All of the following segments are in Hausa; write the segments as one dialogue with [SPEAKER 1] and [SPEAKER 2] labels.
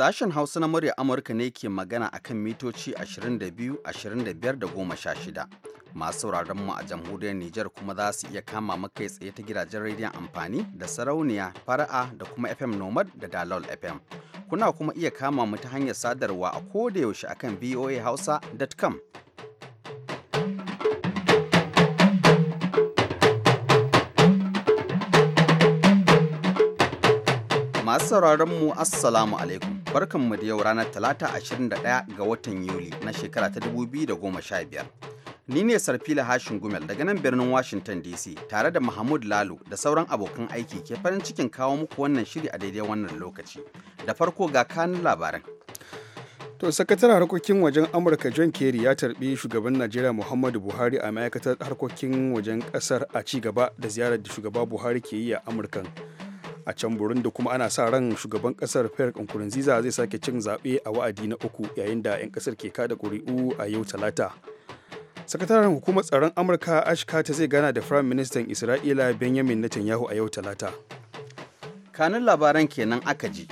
[SPEAKER 1] Sashen Hausa na murya Amurka ne ke magana a kan mitoci 22, 25 da 16. Masu sauraron mu a jamhuriyar Nijar kuma za su iya kama makai tsaye ta gidajen rediyon amfani da sarauniya, fara'a da kuma FM Nomad da Dalol FM. Kuna kuma iya kama mu ta hanyar sadarwa a kodayaushe akan voahausa.com. masu sauraron mu assalamu alaikum barkan mu da yau ranar talata 21 ga watan yuli na shekara ta 2015 ni ne sarfila hashin gumel daga nan birnin washington dc tare da mahmud lalo da sauran abokan aiki ke farin cikin kawo muku wannan shiri a daidai wannan lokaci da farko ga kanun labaran To sakataren harkokin wajen
[SPEAKER 2] Amurka John Kerry ya tarbi shugaban Najeriya Muhammadu Buhari a ma'aikatar harkokin wajen kasar a ci gaba da ziyarar da shugaba Buhari ke yi a Amurkan. a can burundi kuma ana sa ran shugaban kasar pierre nkurunziza zai sake cin zaɓe a wa'adi na uku yayin da 'yan kasar ke kada ƙuri'u a yau talata sakataren hukumar tsaron amurka ash carter zai gana da
[SPEAKER 1] firayim ministan isra'ila benjamin netanyahu a yau talata kanun labaran kenan aka ji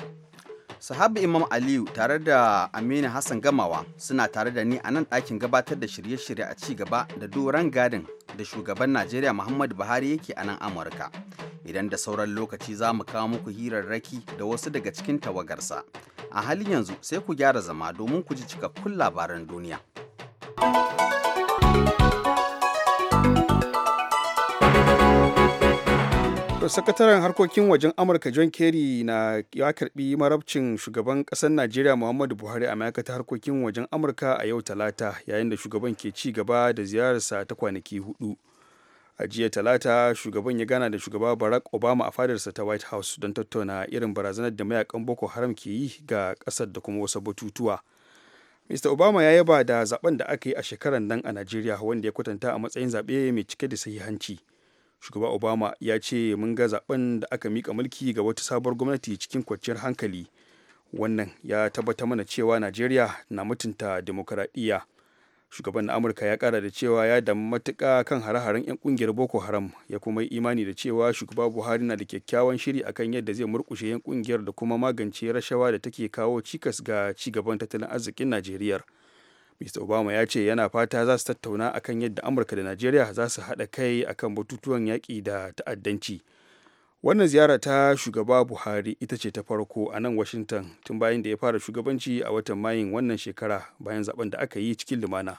[SPEAKER 1] sahabu imam aliyu tare da aminu hassan gamawa suna tare da ni a nan ɗakin gabatar da shirye-shirye a ci gaba da doron gadin da shugaban najeriya muhammadu buhari yake a nan amurka idan da sauran lokaci za mu kawo muku hirarraki da wasu daga cikin tawagarsa a halin yanzu sai ku gyara zama domin ku ji cikakkun labaran duniya.
[SPEAKER 2] To sakataren harkokin wajen Amurka John Kerry na ya karbi marabcin shugaban ƙasar Najeriya Muhammadu Buhari a ma'aikatar harkokin wajen Amurka a yau Talata yayin da shugaban ke ci gaba da ziyararsa ta kwanaki hudu. A jiya Talata shugaban ya gana da shugaba Barack Obama a fadarsa ta White House don tattauna irin barazanar da mayakan Boko Haram ke yi ga ƙasar da kuma wasu batutuwa. Mr. Obama ya yaba da zaben da aka yi a shekarar nan a Najeriya wanda ya kwatanta a matsayin zaɓe mai cike da sahihanci. shugaba obama ya ce mun ga zaben da aka mika mulki ga wata sabuwar gwamnati cikin kwanciyar hankali wannan ya tabbata mana cewa najeriya na mutunta demokaradiyya shugaban na amurka ya kara da cewa ya damu matuka kan hare-haren 'yan kungiyar boko haram ya kuma yi imani da cewa shugaba buhari na da kyakkyawan shiri akan yadda zai murkushe 'yan kungiyar da kuma magance rashawa da take kawo cikas ga cigaban tattalin arzikin najeriya mr obama ya ce yana fata za su tattauna akan yadda amurka da najeriya za su haɗa kai akan batutuwan yaƙi da ta'addanci wannan ziyara ta shugaba buhari ita ce ta farko a nan washington tun bayan da ya fara shugabanci a watan mayin wannan shekara bayan zaben da
[SPEAKER 1] aka yi cikin lumana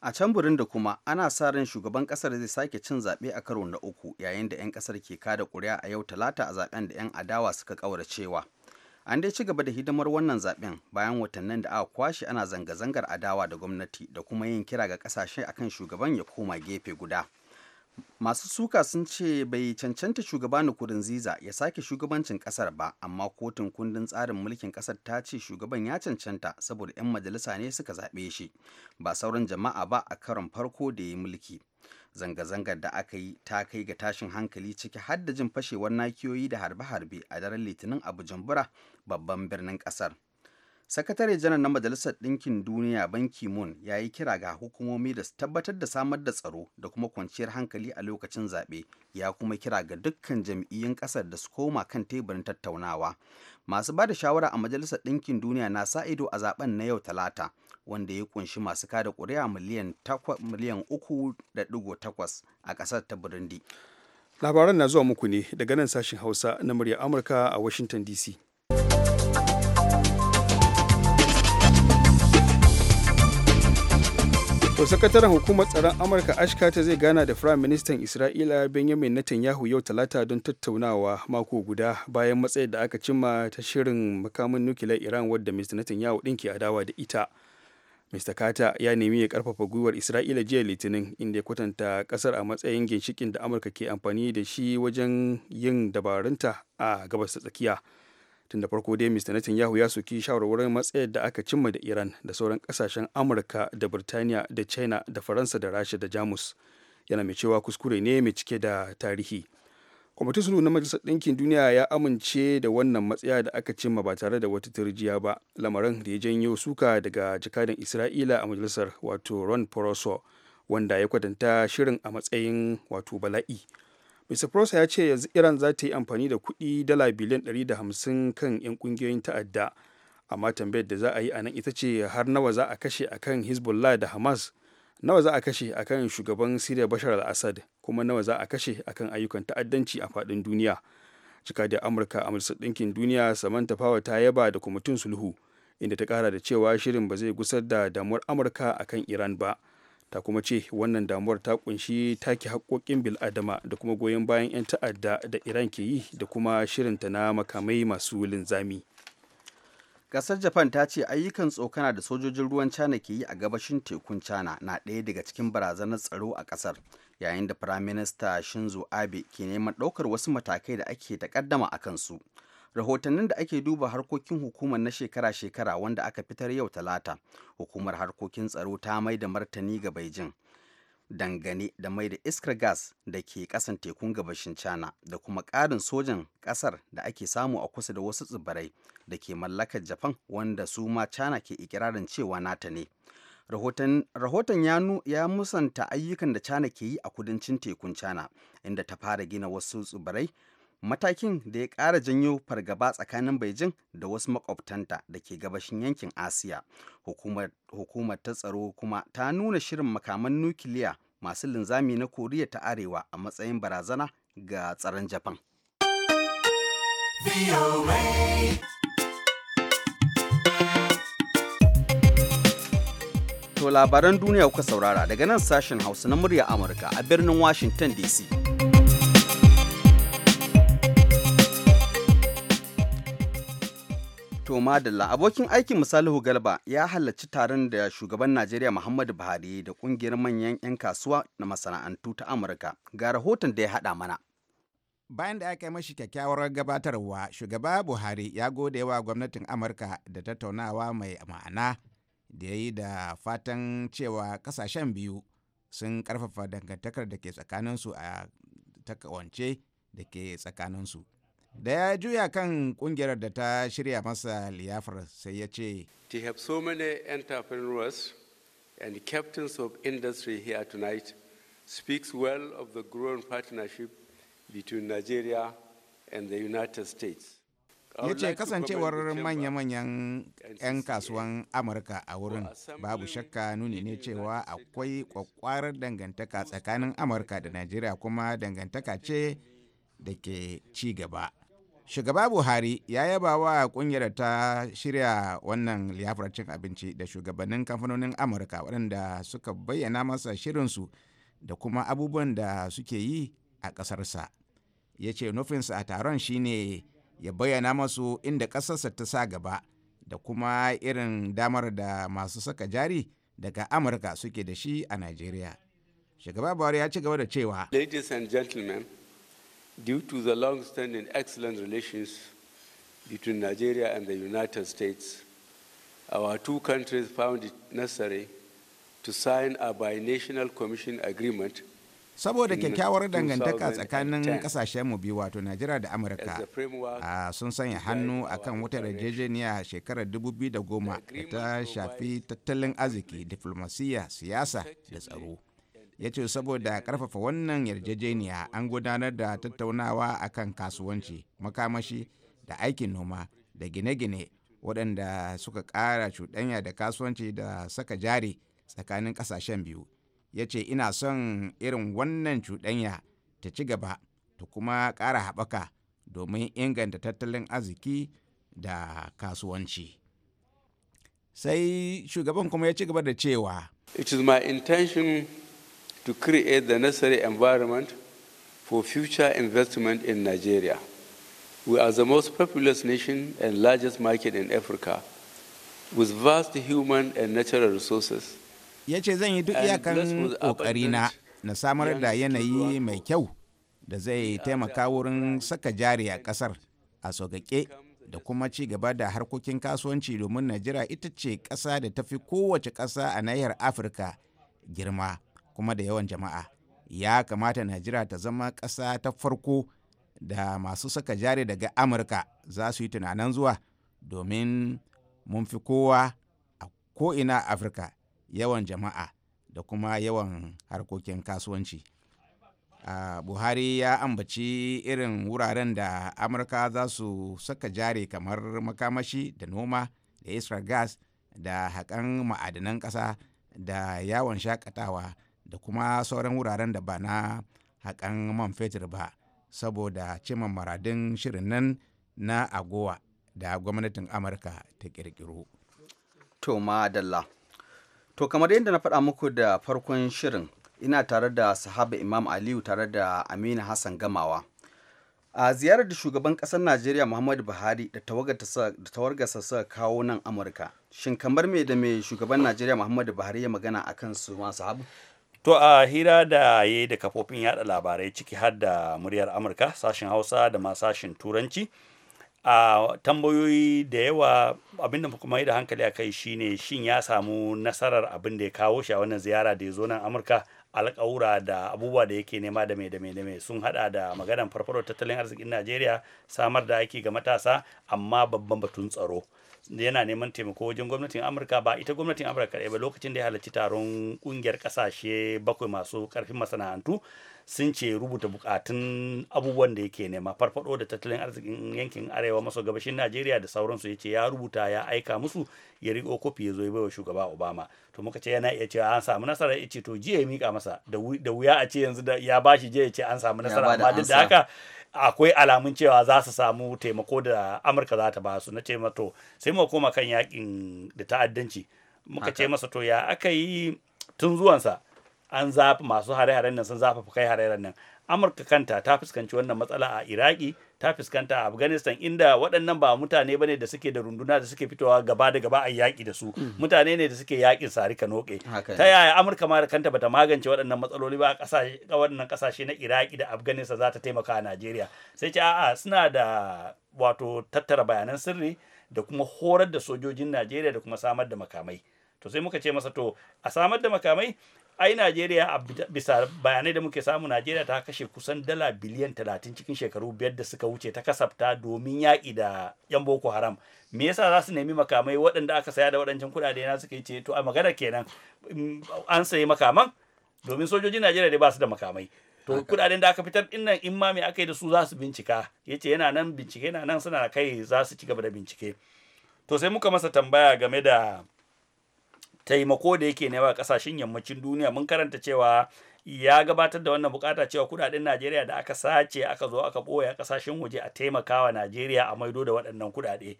[SPEAKER 1] a can da kuma ana sa ran shugaban kasar zai sake cin zaɓe a karo na uku yayin da 'yan kasar ke kada ƙuri'a a yau talata a zaben da 'yan adawa suka ƙauracewa. cewa an dai ci gaba da hidimar wannan zaben bayan watannin da aka kwashe ana zanga-zangar adawa da gwamnati da kuma yin kira ga kasashe akan shugaban ya koma gefe guda masu suka sun ce bai cancanta shugaba ziza ya sake shugabancin kasar ba amma kotun kundin tsarin mulkin kasar ta ce shugaban ya cancanta saboda 'yan majalisa ne suka zaɓe shi ba sauran jama'a ba a karon farko da ya yi mulki zanga-zangar da aka yi ta kai ga tashin hankali ciki har da jin fashewar nakiyoyi da harbe-harbe a daren litinin a jambura babban birnin kasar sakatare janar na majalisar ɗinkin duniya banki moon ya yi kira ga hukumomi da su tabbatar da samar da tsaro da kuma kwanciyar hankali a lokacin zaɓe ya kuma kira ga dukkan jam'iyyun ƙasar da su koma kan teburin tattaunawa masu ba da shawara a majalisar ɗinkin duniya na sa ido a zaben na yau talata wanda ya kunshi masu kada kuri'a miliyan miliyan uku da digo takwas a ƙasar ta burundi
[SPEAKER 2] labaran na zuwa muku ne daga nan sashen hausa na murya amurka a washington dc To sakataren hukumar tsaron Amurka ashkata zai gana da Firayim Ministan Isra'ila Benjamin Netanyahu yau Talata don tattaunawa mako guda bayan matsayin da aka cimma ta shirin makamin nukiliyar Iran wadda Mr. Netanyahu ɗin ke adawa da ita. mr carter ya nemi ya karfafa gwiwar isra'ila jiya litinin inda ya kwatanta kasar a matsayin ginshikin da amurka ke amfani da shi wajen yin dabarunta a gabas ta tsakiya tun da farko dai mr yahu ya soki shawarwarin matsayar da aka cimma da iran da sauran kasashen amurka da birtaniya da china da faransa da rasha da jamus yana mai cewa kuskure ne mai cike da tarihi kwamitin sulhu na majalisar ɗinkin duniya ya amince da wannan matsaya da aka cimma ba tare da wata turjiya ba lamarin da ya janyo suka daga jakadan isra'ila a majalisar wato ron poroso wanda ya kwatanta shirin a matsayin wato bala'i mr poroso ya ce yanzu iran za ta yi amfani da kuɗi dala biliyan hamsin kan 'yan ƙungiyoyin ta'adda amma tambayar da za a yi a nan ita ce har nawa za a kashe akan hezbollah da hamas nawa za a kashe akan shugaban siriya bashar al-assad kuma nawa za a kashe akan ayyukan ta'addanci a faɗin duniya cika da amurka a majalisar ɗinkin duniya samantha power ta yaba da kwamitin sulhu inda ta kara da cewa shirin ba zai gusar da damuwar amurka akan iran ba ta kuma ce wannan damuwar ta kunshi take haƙoƙin bil'adama da kuma goyon bayan 'yan ta'adda da iran ke yi da kuma shirinta na makamai
[SPEAKER 1] masu linzami gasar japan ta ce ayyukan tsokana da sojojin ruwan china ke yi a gabashin tekun china na ɗaya daga cikin barazanar tsaro a ƙasar yayin da firaminista shinzo abe ke neman ɗaukar wasu matakai da ake takaddama a kansu rahotannin da ake duba harkokin hukumar na shekara-shekara wanda aka fitar yau talata hukumar harkokin tsaro ta mai da martani ga beijing dangane da mai da iskar gas da ke kasan tekun gabashin china da kuma ƙarin sojan ƙasar da ake samu a kusa da wasu tsibirai da ke mallakar japan wanda su ma china ke ikirarin cewa nata ne rahoton ya, ya musanta ayyukan da cana ke yi a kudancin tekun cana inda ta fara gina wasu tsibirai matakin da ya ƙara janyo fargaba tsakanin beijing da wasu makwabtanta da ke gabashin yankin asiya hukumar, hukumar ta tsaro kuma ta nuna shirin makaman nukiliya masu linzami na koriya ta arewa a matsayin barazana ga tsaron japan To labaran duniya kuka saurara daga nan sashen Hausa na murya Amurka a birnin Washington DC. To madalla abokin aikin misalihu galba ya halarci taron da shugaban Najeriya Muhammadu Buhari da kungiyar manyan 'yan kasuwa na masana'antu ta Amurka ga rahoton da ya haɗa mana.
[SPEAKER 3] bayan da aka yi mashi kyakkyawar gabatarwa shugaba buhari ya gode wa gwamnatin amurka da tattaunawa mai ma'ana da ya yi da fatan cewa kasashen biyu sun karfafa dangantakar da ke tsakaninsu a takawance da ke tsakaninsu da ya juya kan kungiyar da ta shirya masa liyafar sai ya ce
[SPEAKER 4] to have so many entrepreneurs and captains of industry here tonight speaks well of the growing partnership between nigeria and the united states ya ce kasancewar
[SPEAKER 3] manya-manyan 'yan kasuwan amurka a wurin babu shakka nuni ne cewa akwai kwakwarar dangantaka tsakanin amurka da najeriya kuma dangantaka ce da ke ci gaba shugaba buhari ya yaba wa kungiyar ta shirya wannan liyafar cin abinci da shugabannin kamfanonin amurka waɗanda suka bayyana masa shirinsu da kuma abubuwan da suke yi a ƙasarsa ya ce nufinsa a taron shine ya bayyana masu inda ƙasarsa ta sa gaba da kuma irin damar da masu saka jari daga amurka suke da shi a nigeria shugaba buhari ya ci gaba da cewa
[SPEAKER 4] ladies and gentlemen due to the long-standing excellent relations between nigeria and the united states our two countries found it necessary to sign a binational commission agreement saboda kyakkyawar dangantaka tsakanin kasashen
[SPEAKER 3] mu biyu wato najeriya da amurka
[SPEAKER 4] a
[SPEAKER 3] ah, sun sanya hannu a kan wata yarjejeniya shekarar 2010 da ta shafi tattalin arziki diflomasiyya siyasa da tsaro ya ce saboda karfafa wannan yarjejeniya an gudanar da tattaunawa akan kasuwanci makamashi da aikin noma da gine-gine waɗanda suka ƙara cuɗanya da kasuwanci da saka jari tsakanin ƙasashen biyu ya ce ina son irin wannan cuɗanya ta ci gaba ta kuma ƙara haɓaka domin inganta tattalin arziki da kasuwanci sai shugaban kuma ya ci gaba da cewa
[SPEAKER 4] it is my intention to create the necessary environment for future investment in nigeria we are the most populous nation and largest market in africa with vast human and natural resources
[SPEAKER 3] ya ce zan yi duk iyakan ƙoƙarina na samar da yanayi mai kyau da zai taimaka wurin saka jari a kasar a sauƙaƙe da kuma ci gaba da harkokin kasuwanci domin najira ita ce kasa da ta fi kowace kasa a nahiyar afirka girma kuma da yawan jama'a ya kamata najira ta zama kasa ta farko da masu saka jari daga amurka za su yi tunanin zuwa domin mun fi kowa a ko'ina afirka yawan jama'a da kuma yawan harkokin kasuwanci uh, buhari ya ambaci irin wuraren da amurka za su saka jari kamar makamashi da noma da isra gas da haƙan ma'adanan ƙasa da yawon shakatawa da kuma sauran wuraren da ba na haƙan man fetur ba saboda cimma maradin shirin nan na agowa
[SPEAKER 1] da gwamnatin amurka ta ƙirƙiro. to madalla To kamar yadda na faɗa muku da farkon shirin ina tare da sahaba Imam Aliyu tare da Amina Hassan Gamawa. A ziyarar da shugaban ƙasar Najeriya Muhammadu Buhari da tawargarsa suka kawo nan Amurka. Shin kamar me da me shugaban Najeriya Muhammadu Buhari ya magana a kan su ma sahabu?
[SPEAKER 5] To a hira da ya da kafofin yada labarai ciki har da muryar Amurka sashen Hausa da ma sashen Turanci. a tambayoyi da yawa abinda kuma yi da hankali a kai shine shin ya samu nasarar abin da ya kawo shi a wannan ziyara da ya zo nan amurka alkawura da abubuwa da yake nema da mai da mai da mai sun hada da maganar farfaro tattalin arzikin najeriya samar da aiki ga matasa amma babban batun tsaro yana neman taimako wajen gwamnatin amurka ba ita gwamnatin amurka kaɗai ba lokacin da ya halarci taron kungiyar kasashe bakwai masu karfin masana'antu sun ce rubuta bukatun abubuwan da yake nema farfado da tattalin arzikin yankin arewa maso gabashin najeriya da sauransu ya ce ya rubuta ya aika musu ya riko kofi ya zo ya baiwa shugaba obama to muka ce yana iya cewa an samu nasara ya ce to jiya ya mika masa da wuya a ce yanzu da ya bashi jiya ya ce an samu nasara amma duk da haka akwai alamun cewa za su samu taimako da amurka za ta ba su na ce mato sai mu koma kan yakin da ta'addanci muka ce masa to ya aka yi tun zuwansa an zafi masu hare-haren nan sun zafafa kai hare-haren nan amurka kanta ta fuskanci wannan matsala a iraki ta fuskanta a afghanistan inda waɗannan ba mutane ne da suke da runduna da suke fitowa gaba da gaba a yaƙi da su hmm. mutane ne da suke yaƙin sari ka noke ta yaya amurka ma da kanta bata magance waɗannan matsaloli ba a waɗannan ƙasashe na iraki da afghanistan za ta taimaka a najeriya sai ce a'a suna da wato tattara bayanan sirri da kuma horar da sojojin najeriya da kuma samar da makamai to sai muka ce masa to a samar da makamai ai Najeriya a bisa bayanai da muke samu Najeriya ta kashe kusan dala biliyan talatin cikin shekaru biyar da suka wuce ta kasafta domin yaƙi da 'yan Boko Haram. Me yasa za su nemi makamai waɗanda aka saya da waɗancan kuɗaɗe na suka yi ce to a magana kenan mm, an sayi makaman domin sojojin Najeriya dai ba su da makamai. to kuɗaɗen da aka fitar in nan in ma me aka yi da su za su bincika Ya ce yana nan bincike yana nan suna kai za su ci gaba da bincike to sai muka masa tambaya game da taimako da yake nema kasashen yammacin duniya mun karanta cewa ya gabatar da wannan bukata cewa kudaden Najeriya da aka sace aka zo aka boye a kasashen waje a taimakawa Najeriya a maido da waɗannan kudade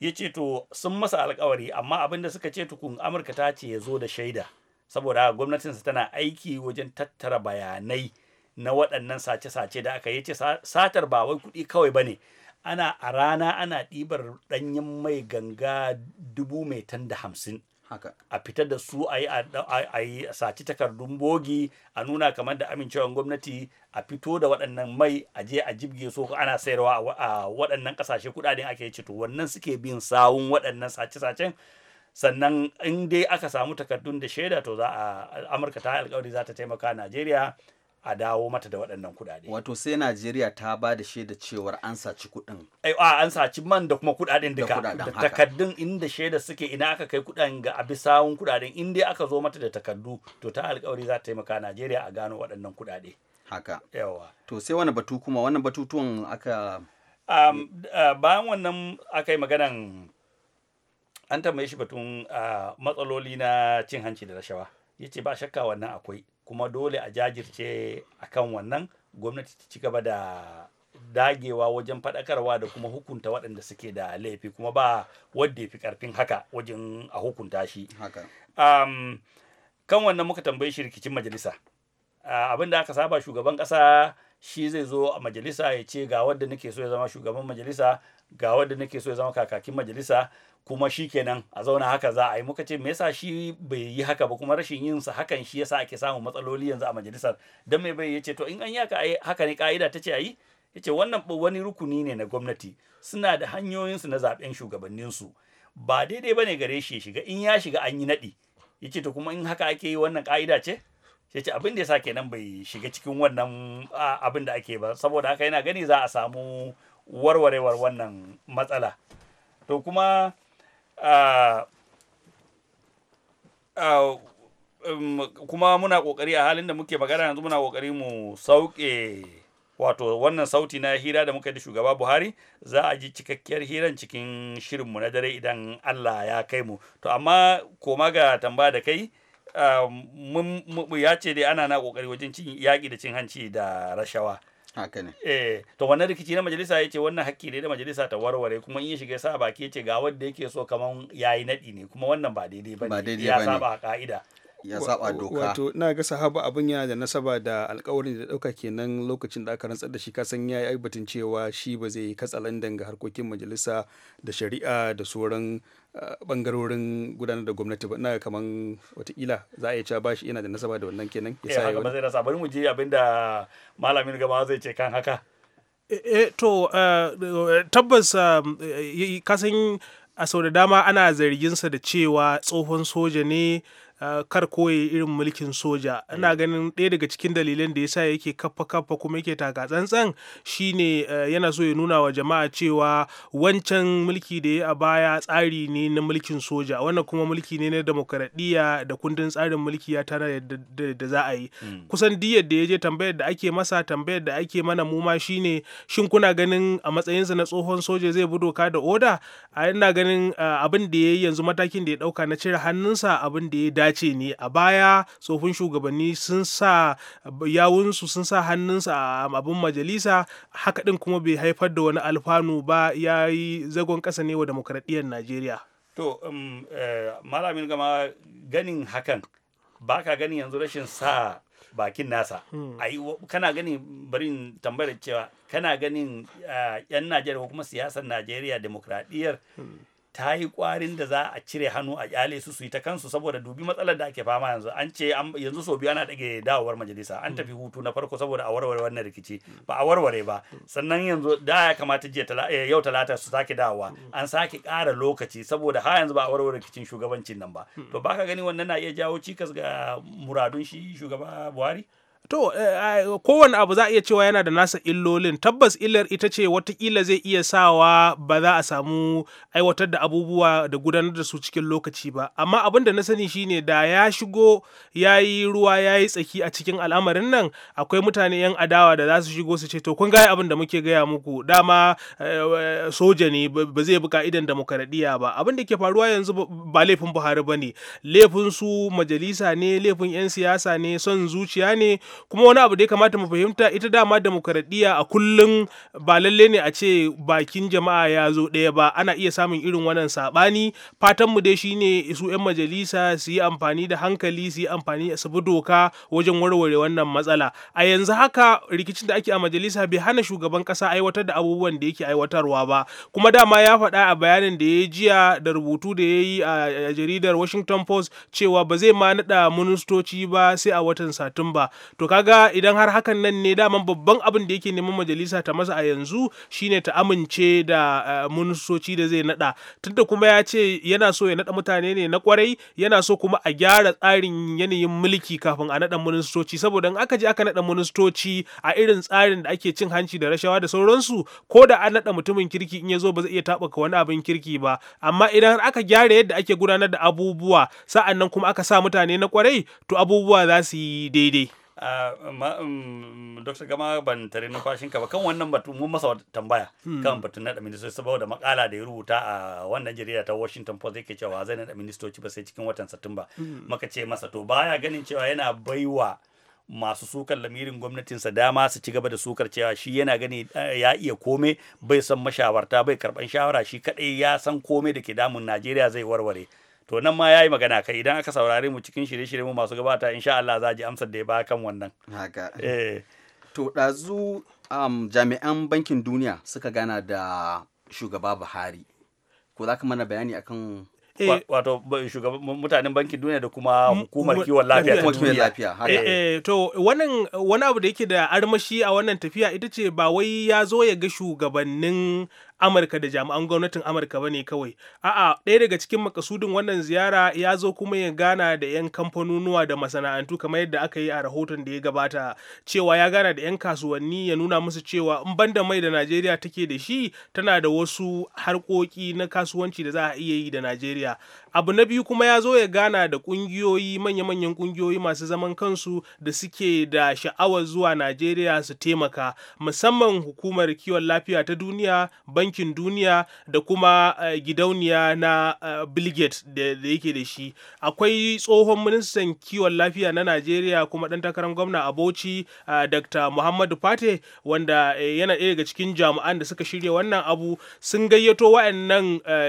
[SPEAKER 5] ya ce to sun masa alkawari amma abin da suka ce tukun Amurka ta ce ya zo da shaida saboda gwamnatinsa tana aiki wajen tattara bayanai na waɗannan sace-sace da aka yi ce satar ba wai kuɗi kawai ba ne ana a rana ana ɗibar ɗanyen mai ganga dubu mai tan da hamsin a fita da su a yi a saci takardun bogi a nuna kamar da amincewan gwamnati a fito da waɗannan mai a je a jibge so ana sayarwa a waɗannan ƙasashe kuɗaɗen ake cito wannan suke bin sawun waɗannan sace-sacen sannan in dai aka samu takardun da shaida to za a amurka ta alkawari za ta taimaka najeriya a dawo mata da
[SPEAKER 1] waɗannan kuɗaɗe. Wato sai Najeriya ta ba da shaida cewar an saci kuɗin.
[SPEAKER 5] Ai eh, a an saci man da kuma kuɗaɗen duka. Da takaddun inda shaida suke ina aka kai kuɗin ga abisawun kuɗaɗen in dai aka zo mata da takaddu to ta alƙawari za ta taimaka Najeriya a gano waɗannan kuɗaɗe. Haka. Yawa.
[SPEAKER 1] To sai wani batu kuma wannan batutuwan aka.
[SPEAKER 5] Um, uh, bayan wannan aka yi maganan an tambaye shi batun uh, matsaloli na cin hanci da rashawa. Yace ba shakka wannan akwai kuma dole a jajirce kan wannan gwamnati ta ci gaba da dagewa wajen faɗakarwa da kuma hukunta waɗanda suke da laifi kuma ba wadda ya fi ƙarfin haka wajen a hukunta shi um, kan wannan muka tambayi shi rikicin majalisa uh, abin da aka saba shugaban ƙasa shi zai zo a majalisa ya ce ga wadda nake so ya zama shugaban majalisa ga wadda nake so ya zama kakakin majalisa kuma shi kenan a zauna haka za a yi muka ce me yasa shi bai yi haka ba kuma rashin yin sa hakan shi yasa ake samun matsaloli yanzu a majalisar dan me bai yace to in an yi haka ne ka'ida ta ce a yace wannan wani rukuni ne na gwamnati suna da hanyoyinsu na zaben shugabannin su ba daidai bane gare shi ya shiga in ya shiga an yi nadi yace to kuma in haka ake yi wannan ka'ida ce Yace ce abin da yasa kenan bai shiga cikin wannan abin da ake ba saboda haka yana gani za a samu warwarewar wannan matsala to kuma Uh, uh, um, kuma muna kokari a halin da muke magana yanzu muna kokari mu sauƙe. wato wannan sauti na hira da muka da shugaba buhari za a ji cikakkiyar hiran cikin shirin mu na dare idan allah ya kai mu to amma koma ga tambaya da kai um, ya ce dai ana na kokari wajen yaƙi da cin hanci da
[SPEAKER 1] rashawa haka ne
[SPEAKER 5] eh to wannan rikici na majalisa ya ce wannan hakki ne da majalisa ta warware kuma in ya shiga sa baki ya ce ga wanda yake so kaman yayi nadi ne kuma wannan ba
[SPEAKER 1] daidai ba ya saba
[SPEAKER 5] ka'ida ya zaba doka wato
[SPEAKER 2] ina ga sahaba abin yana da nasaba da alkawarin da dauka kenan lokacin da aka rantsar da shi kasan ya yi aibatin cewa shi ba zai katsalandan ga harkokin majalisa da shari'a da sauran bangarorin gudanar da gwamnati ba ina kaman watakila za a iya cewa shi yana da nasaba da wannan kenan ya sa eh, ba zai rasa
[SPEAKER 5] bari mu je abinda malamin gaba zai ce kan haka
[SPEAKER 6] eh, eh to tabbas eh, kasan a sau da dama ana zarginsa da cewa tsohon soja ne Eh, kar koyi irin mulkin soja ina eh. ganin ɗaya daga cikin dalilan da yasa yake kafa kafa kuma yake taka tsantsan shine eh, yana so ya nuna wa jama'a cewa wancan mulki da ya a baya tsari ne na mulkin soja wannan kuma mulki ne na demokradiyya da kundin tsarin mulki ya tana da za a yi hmm. kusan diyar da ya je tambayar da ake masa tambayar da ake mana mu ma shine shin kuna ganin a matsayinsa na tsohon soja zai bi doka da oda ina ganin abin da ya yanzu matakin da ya ɗauka na cire hannunsa abin da ya ce ne a baya tsofin shugabanni sun sa yawunsu sun sa hannunsa a abin majalisa haka din kuma bai haifar da wani alfanu ba ya yi zagon ƙasa ne wa demokradiyyar najeriya
[SPEAKER 5] to um, eh, malamin gama ganin hakan ba ka ganin yanzu rashin sa bakin nasa hmm. ai kana ganin barin tambayar cewa kana ganin eh, yan najeriya ko kuma siyasar najeriya demokradiyyar hmm. ta yi kwarin da za a cire hannu a kyale su su yi ta kansu saboda dubi matsalar da ake fama yanzu an ce yanzu sau biyu ana dage dawowar majalisa an tafi hutu na farko saboda a warware wannan rikici ba a warware ba sannan yanzu da ya kamata jiya eh, yau talata su sake dawowa an sake ƙara lokaci saboda ha yanzu ba a warware rikicin shugabancin nan ba to baka gani wannan na iya jawo cikas ga muradun shi shugaba Buhari
[SPEAKER 6] To, eh, eh, kowane abu za a iya cewa yana da nasa illolin, tabbas illar ita ce watakila zai iya sawa ba za a samu aiwatar da abubuwa da gudanar da su cikin lokaci ba, amma abin da na sani shine da ya shigo ya yi ruwa ya yi tsaki a cikin al'amarin nan akwai mutane 'yan adawa da za su shigo su ce, to kun gaya abin da muke gaya muku dama eh, soja ne ba zai bi ka'idan demokaradiyya ba, abin da ke faruwa yanzu ba laifin Buhari ba ne, laifin su majalisa ne, laifin 'yan siyasa ne, son zuciya ne. kuma wani abu da ya kamata mu fahimta ita dama demokaradiyya a kullum ba lalle ne a ce bakin jama'a ya zo ɗaya ba ana iya samun irin wannan saɓani fatan mu dai shine su 'yan majalisa su yi amfani da hankali su yi amfani su bi doka wajen warware wannan matsala a yanzu haka rikicin da ake a majalisa bai hana shugaban kasa aiwatar da abubuwan da yake aiwatarwa ba kuma dama ya faɗa a bayanin da ya jiya da rubutu da ya yi a jaridar washington post cewa ba zai ma naɗa ministoci ba sai a watan satumba to kaga idan har hakan nan ne daman babban abin da yake neman majalisa ta masa a yanzu shine ta amince da eh, ministoci da zai nada tunda kuma ya ce yana so ya nada mutane ne na kwarai yana so kuma a gyara tsarin yanayin mulki kafin a nada ministoci saboda in aka je aka nada ministoci a irin tsarin da ake cin hanci da rashawa da sauransu ko da an nada mutumin kirki in ya zo ba zai iya taɓuka wani abin kirki ba amma idan har aka gyara yadda ake gudanar da abubuwa sa'annan kuma aka sa mutane na kwarai to abubuwa za su yi daidai
[SPEAKER 5] Um, Dr. Gama ban tare numfashinka ba kan wannan batu mun masa tambaya hmm. kan batun naɗa ministoci saboda makala da ya rubuta a wannan jarida ta Washington Post yake cewa zai naɗa ministoci ba sai cikin watan Satumba. Maka hmm. ce masa to baya ganin cewa yana baiwa masu sukar lamirin gwamnatinsa dama su ci gaba da sukar cewa shi yana gani eh, ya iya kome bai san mashawarta bai karban shawara shi kadai ya san kome da ke damun najeriya zai warware to nan ma yayi magana kai idan aka saurare mu cikin shirye-shirye mu masu gabata insha Allah za ji amsar da ya ba kan wannan
[SPEAKER 1] haka eh to dazu um, jami'an bankin duniya suka gana da shugaba Buhari
[SPEAKER 6] ko za ka mana bayani akan
[SPEAKER 5] eh, wato shugaban mutanen bankin duniya da kuma mm, hukumar kiwon lafiya ta duniya eh,
[SPEAKER 6] eh. to wannan wani abu da yake da armashi a wannan tafiya ita ce ba wai ya zo ya ga shugabannin Amurka da jami'an gwamnatin Amurka ba ne kawai. A'a, ɗaya daga cikin makasudin wannan ziyara ya zo kuma ya gana da 'yan kamfanonuwa da masana'antu kamar yadda aka yi a rahoton da ya gabata. Cewa ya gana da 'yan kasuwanni ya nuna musu cewa in banda mai da Najeriya take da shi tana da wasu harkoki na kasuwanci da za a iya yi da Najeriya. abu na biyu kuma ya zo ya gana da kungiyoyi manya-manyan kungiyoyi masu zaman kansu da suke da sha'awar zuwa najeriya su taimaka musamman hukumar kiwon lafiya ta duniya bankin duniya da kuma eh, gidauniya na bilget eh, bill da yake da shi akwai tsohon ministan kiwon lafiya na najeriya kuma ɗan takarar gwamna a bauchi eh, dr muhammadu fate wanda yana ɗaya daga cikin jami'an da suka shirya wannan abu sun gayyato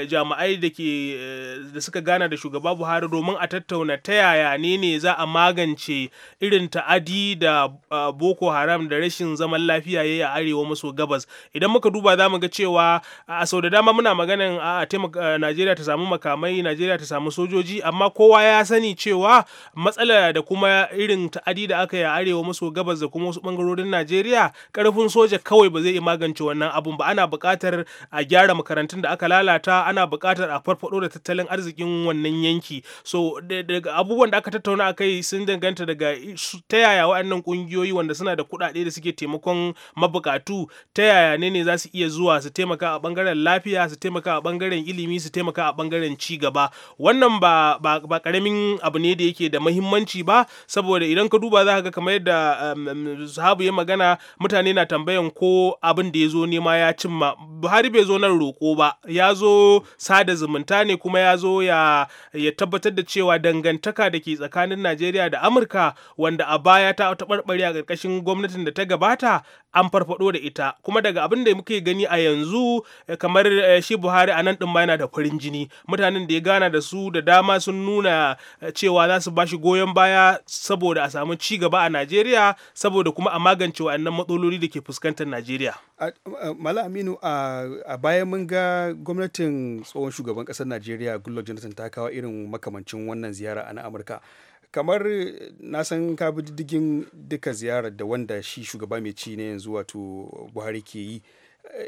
[SPEAKER 6] jami'ai da ke suka gana da shugaba buhari domin a tattauna ta yaya ne ne za a magance irin ta'adi da boko haram da rashin zaman lafiya yayi a arewa maso gabas idan muka duba za mu ga cewa a sau da dama muna maganin a taimaka najeriya ta samu makamai najeriya ta samu sojoji amma kowa ya sani cewa matsala da kuma irin ta'adi da aka yi a arewa maso gabas da kuma wasu bangarorin najeriya karfin soja kawai ba zai iya magance wannan abun ba ana buƙatar a gyara makarantun da aka lalata ana buƙatar a farfaɗo da tattalin arziki cikin wannan yanki so daga abubuwan da aka tattauna a kai sun danganta daga ta yaya waɗannan ƙungiyoyi wanda suna da kuɗaɗe da suke taimakon mabukatu ta yaya ne ne za su iya zuwa su taimaka a ɓangaren lafiya su taimaka a ɓangaren ilimi su taimaka a ɓangaren ci gaba wannan ba ba ƙaramin abu ne da yake da mahimmanci ba saboda idan ka duba za ka ga kamar yadda sahabu um, um, ya magana mutane na tambayan ko abin da ya zo nema ya cimma buhari bai zo nan roƙo ba ya zo sada zumunta ne kuma ya zo ya, ya tabbatar da cewa dangantaka da ke tsakanin Najeriya da Amurka wanda a baya ta taɓarɓare a ƙarƙashin gwamnatin da ta gabata an farfaɗo da ita kuma daga abin da muke gani a yanzu eh, kamar eh, shi Buhari a nan ɗin ma yana da farin jini mutanen da ya gana da su da dama sun nuna eh, cewa za su bashi goyon baya saboda a samu ci gaba a Najeriya saboda kuma a magance waɗannan matsaloli da ke fuskantar Najeriya.
[SPEAKER 2] Mala Aminu a bayan mun ga gwamnatin tsohon shugaban ƙasar Najeriya Goodluck Jonathan ta kawo irin makamancin wannan ziyara a na Amurka. Kamar na san ka bi diddigin duka ziyarar da wanda shi shugaba mai ci ne yanzu wato Buhari ke yi.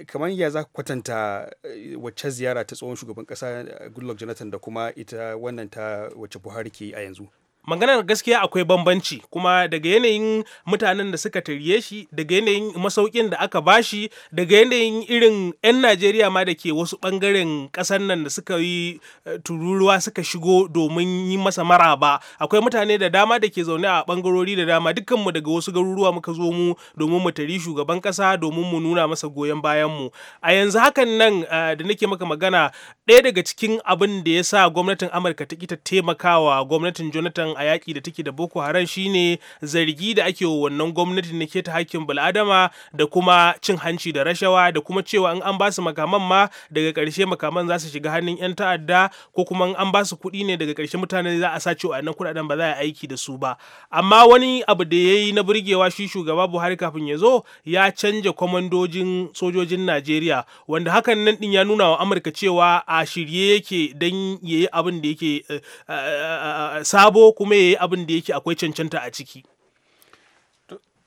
[SPEAKER 2] Kamar ya za kwatanta eh, wacce ziyara ta tsohon shugaban ƙasa Goodluck Jonathan da kuma ita wannan ta wacce Buhari ke yi a yanzu.
[SPEAKER 6] maganar gaskiya akwai bambanci kuma daga yanayin mutanen da suka tarye shi daga yanayin masaukin da aka bashi daga yanayin irin 'yan najeriya ma da ke wasu bangaren kasar nan da suka yi eh, tururuwa suka shigo domin yi masa maraba akwai mutane da dama da ke zaune a bangarori da dama dukkanmu daga wasu garuruwa muka zo mu domin mu tari shugaban kasa domin mu nuna masa goyon bayan mu a yanzu hakan nan eh, da nake maka magana ɗaya daga cikin abin da ya sa gwamnatin amurka ta ƙi ta taimakawa gwamnatin jonathan a yaƙi da take da boko haram shine zargi da ake wa wannan gwamnati na keta hakkin bil'adama da kuma cin hanci da rashawa da kuma cewa in an basu makaman ma daga ƙarshe makaman za su shiga hannun 'yan ta'adda ko kuma in an basu kuɗi ne daga ƙarshe mutane za a sace wa wa'annan kuɗaɗen ba za a aiki da su ba amma wani abu da ya yi na burgewa shi shugaba buhari kafin ya zo ya canja kwamandojin sojojin najeriya wanda hakan nan din ya nuna wa amurka cewa a shirye yake don ya yi abin da yake eh, eh, eh, sabo kuma ya yi abin da yake akwai cancanta a ciki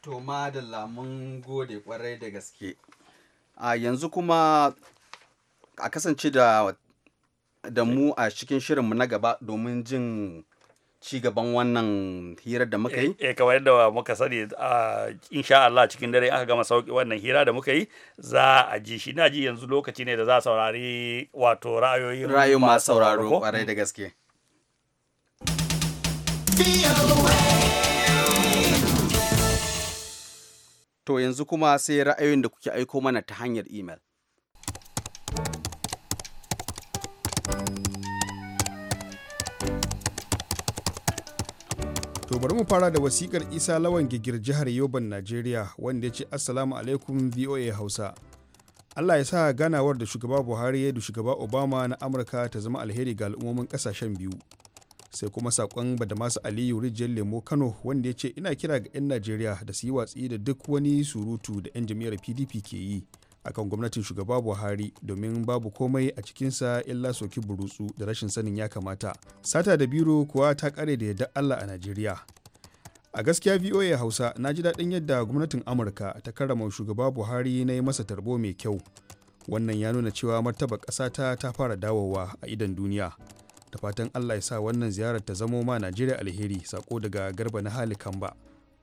[SPEAKER 1] to ma da gode kwarai da gaske
[SPEAKER 6] a yanzu kuma a kasance
[SPEAKER 1] da mu a cikin shirinmu na gaba domin jin ci gaban wannan hirar da muka yi?
[SPEAKER 5] Eh, eh kamar yadda muka sani a insha Allah cikin dare aka gama sauki wannan hira da muka yi za a ji shi na ji yanzu lokaci ne da za a saurari
[SPEAKER 1] wato ra'ayoyin masu sauraro kwarai da gaske. To yanzu kuma sai ra'ayoyin da kuke aiko mana ta hanyar imel.
[SPEAKER 2] To bari mu fara da wasikar Isa Lawan Gigir jihar Yoban Najeriya wanda ya ce Assalamu alaikum VOA Hausa. Allah ya sa ganawar da shugaba Buhari ya da shugaba Obama na Amurka ta zama alheri ga al'ummomin ƙasashen biyu. sai kuma sakon badamasu aliyu rijiyar lemo kano wanda ya ce ina kira ga 'yan najeriya da su yi watsi da duk wani surutu da 'yan jam'iyyar pdp ke yi akan gwamnatin shugaba buhari domin babu komai a cikinsa illa soki burutsu da rashin sanin ya kamata sata da biro kuwa ta kare da yadda allah a najeriya a gaskiya voa hausa na ji daɗin yadda gwamnatin amurka ta karrama shugaba buhari na yi masa tarbo mai kyau wannan ya nuna cewa martaba ƙasa ta fara dawowa a idon duniya da fatan allah ya sa wannan ziyarar ta zamo ma najeriya alheri sako daga garba na hali kamba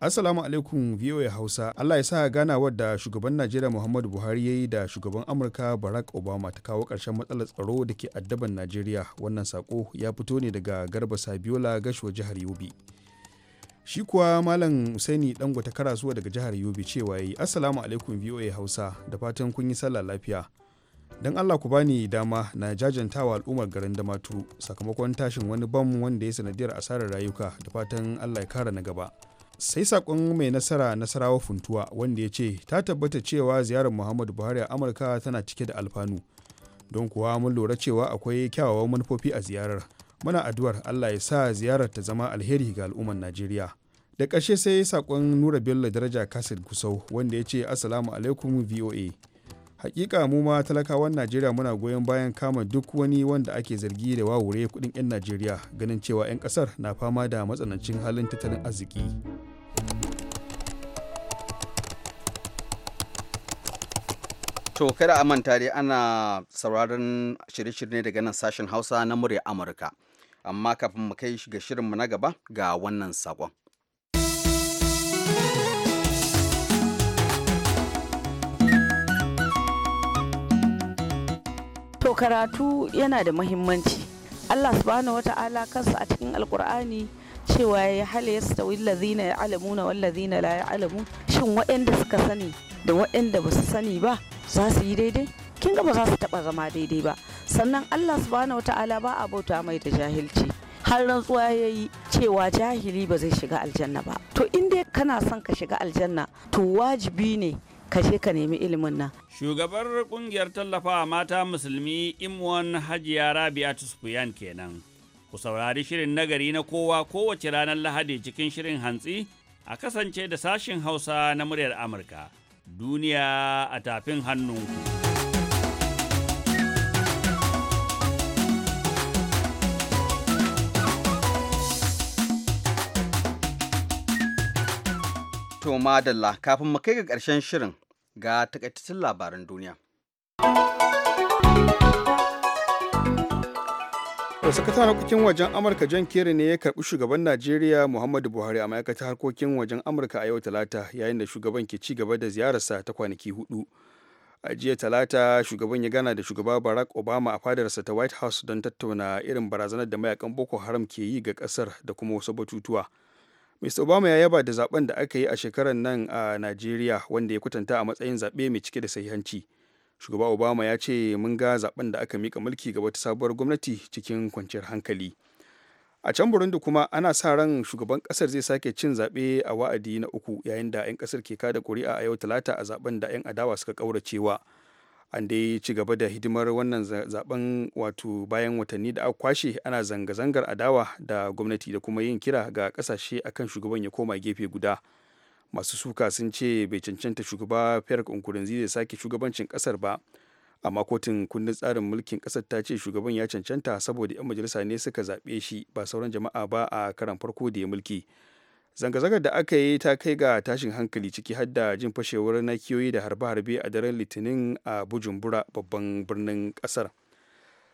[SPEAKER 2] assalamu alaikum voa hausa allah ya sa ganawar da shugaban najeriya muhammadu buhari ya yi da shugaban amurka barack obama ta kawo ƙarshen matsalar tsaro da ke addaban najeriya wannan sako ya fito ne daga garba sabiola gashuwa jihar yobe shi kuwa malam usaini ɗan ta karasuwa daga jihar yobe cewa yi assalamu alaikum voa hausa da fatan kun yi sallah lafiya don allah ku bani dama na jajantawa al'ummar garin damaturu sakamakon tashin wani bam wanda ya sanadiyar asarar rayuka da fatan allah ya kara na gaba sai sakon mai nasara nasarawa funtuwa wanda ya ce ta tabbata cewa ziyarar muhammadu buhari a amurka tana cike da alfanu don kuwa mun lura cewa akwai kyawawan manufofi a ziyarar muna addu'ar allah ya sa ziyarar ta zama alheri ga al'ummar najeriya da ƙarshe sai sakon nura bello daraja kasir kusau wanda ya ce asalamu alaikum voa hakika mu ma talakawan najeriya muna goyon bayan kama duk wani wanda ake zargi da wawure kudin 'yan najeriya ganin cewa 'yan kasar na fama da matsanancin halin tattalin arziki
[SPEAKER 1] to kada a manta dai ana sauraron shirye-shirye daga nan sashen hausa na murya amurka amma kafin mu kai ga mu na gaba ga wannan sakon.
[SPEAKER 4] to karatu
[SPEAKER 2] yana da mahimmanci allah subhanahu wata'ala kansa a cikin alkur'ani cewa ya yi hali ya wani lazina ya alamu na wallazina la ya alamu shin waɗanda suka sani da waɗanda ba su sani ba za su yi daidai kin ga ba za su taɓa zama daidai ba sannan allah subhanahu wata'ala ba a bauta mai da jahilci har rantsuwa ya yi cewa jahili ba zai shiga aljanna ba to in dai kana son ka shiga aljanna to wajibi ne kashe ka nemi ilimin nan.
[SPEAKER 5] Shugabar kungiyar tallafawa mata musulmi Imwan Hajiya Rabia Tusfuyan kenan. Ku saurari shirin nagari na kowa kowace ranar Lahadi cikin shirin hantsi a kasance da sashin Hausa na muryar Amurka. Duniya a tafin hannunku.
[SPEAKER 1] To madalla kafin mu kai ga ƙarshen shirin ga takaitattun labaran duniya.
[SPEAKER 2] sakataren harkokin wajen amurka john kerry ne ya karbi shugaban najeriya muhammadu buhari a ma'aikatar harkokin wajen amurka a yau talata yayin da shugaban ke ci gaba da ziyararsa ta kwanaki hudu a jiya talata shugaban ya gana da shugaba barack obama a fadarsa ta white house don tattauna irin barazanar da mayakan boko haram ke yi ga kasar da kuma wasu batutuwa Mr. Obama ya yaba da zaben da aka yi a shekarar nan a Najeriya wanda ya kwatanta a matsayin zaɓe mai cike da sahihanci. Shugaba Obama ya ce mun ga zaben da aka mika mulki ga wata sabuwar gwamnati cikin kwanciyar hankali. A can Burundi kuma ana sa ran shugaban kasar zai sake cin zaɓe a wa'adi na uku yayin da 'yan kasar ke kada ƙuri'a a yau talata a zaben da 'yan adawa suka ƙauracewa. cewa. an dai ci gaba da hidimar wannan zaben wato bayan watanni da aka kwashe ana zanga-zangar adawa da gwamnati da kuma yin kira ga kasashe akan shugaban ya koma gefe guda masu suka sun ce bai cancanta shugaba pierre nkurunziza zai sake shugabancin kasar ba amma kotun kundin tsarin mulkin kasar ta ce shugaban ya cancanta saboda 'yan majalisa ne suka zaɓe shi ba sauran jama'a ba a karan farko da ya mulki zanga-zangar da aka yi ta kai ga tashin hankali ciki har da jin fashewar nakiyoyi da harbe-harbe a daren litinin a bujumbura babban birnin kasar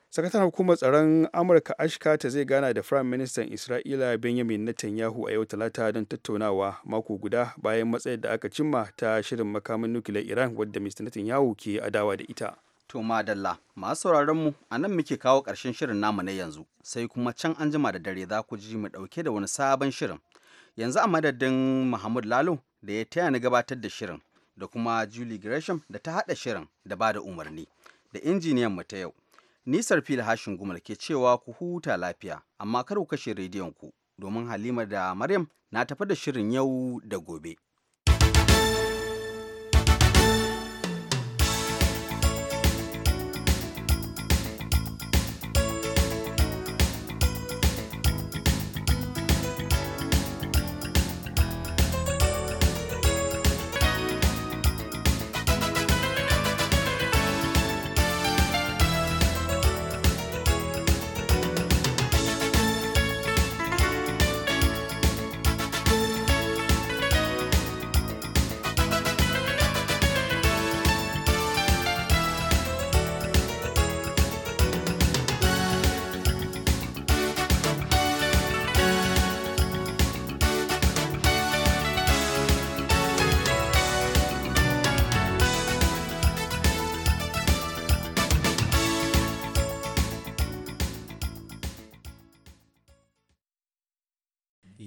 [SPEAKER 2] sakataren hukumar tsaron amurka ta zai gana da firayim ministan isra'ila benjamin netanyahu a yau talata don tattaunawa mako guda bayan matsayar da aka cimma ta shirin makamin
[SPEAKER 1] nukiliyar iran wadda mr netanyahu ke adawa da ita To madalla masu sauraron mu a nan muke kawo karshen shirin namu na yanzu sai kuma can anjima da dare za ku ji mu ɗauke da wani sabon shirin yanzu a madadin Muhammad Lalo da ya taya ni gabatar da shirin da kuma Julie Gresham da ta haɗa shirin da ba da umarni da injiniyan mu ta yau. Nisar fil hashin gumal ke cewa ku huta lafiya amma kar ku kashe rediyon ku domin Halima da Maryam na tafi da shirin yau da gobe.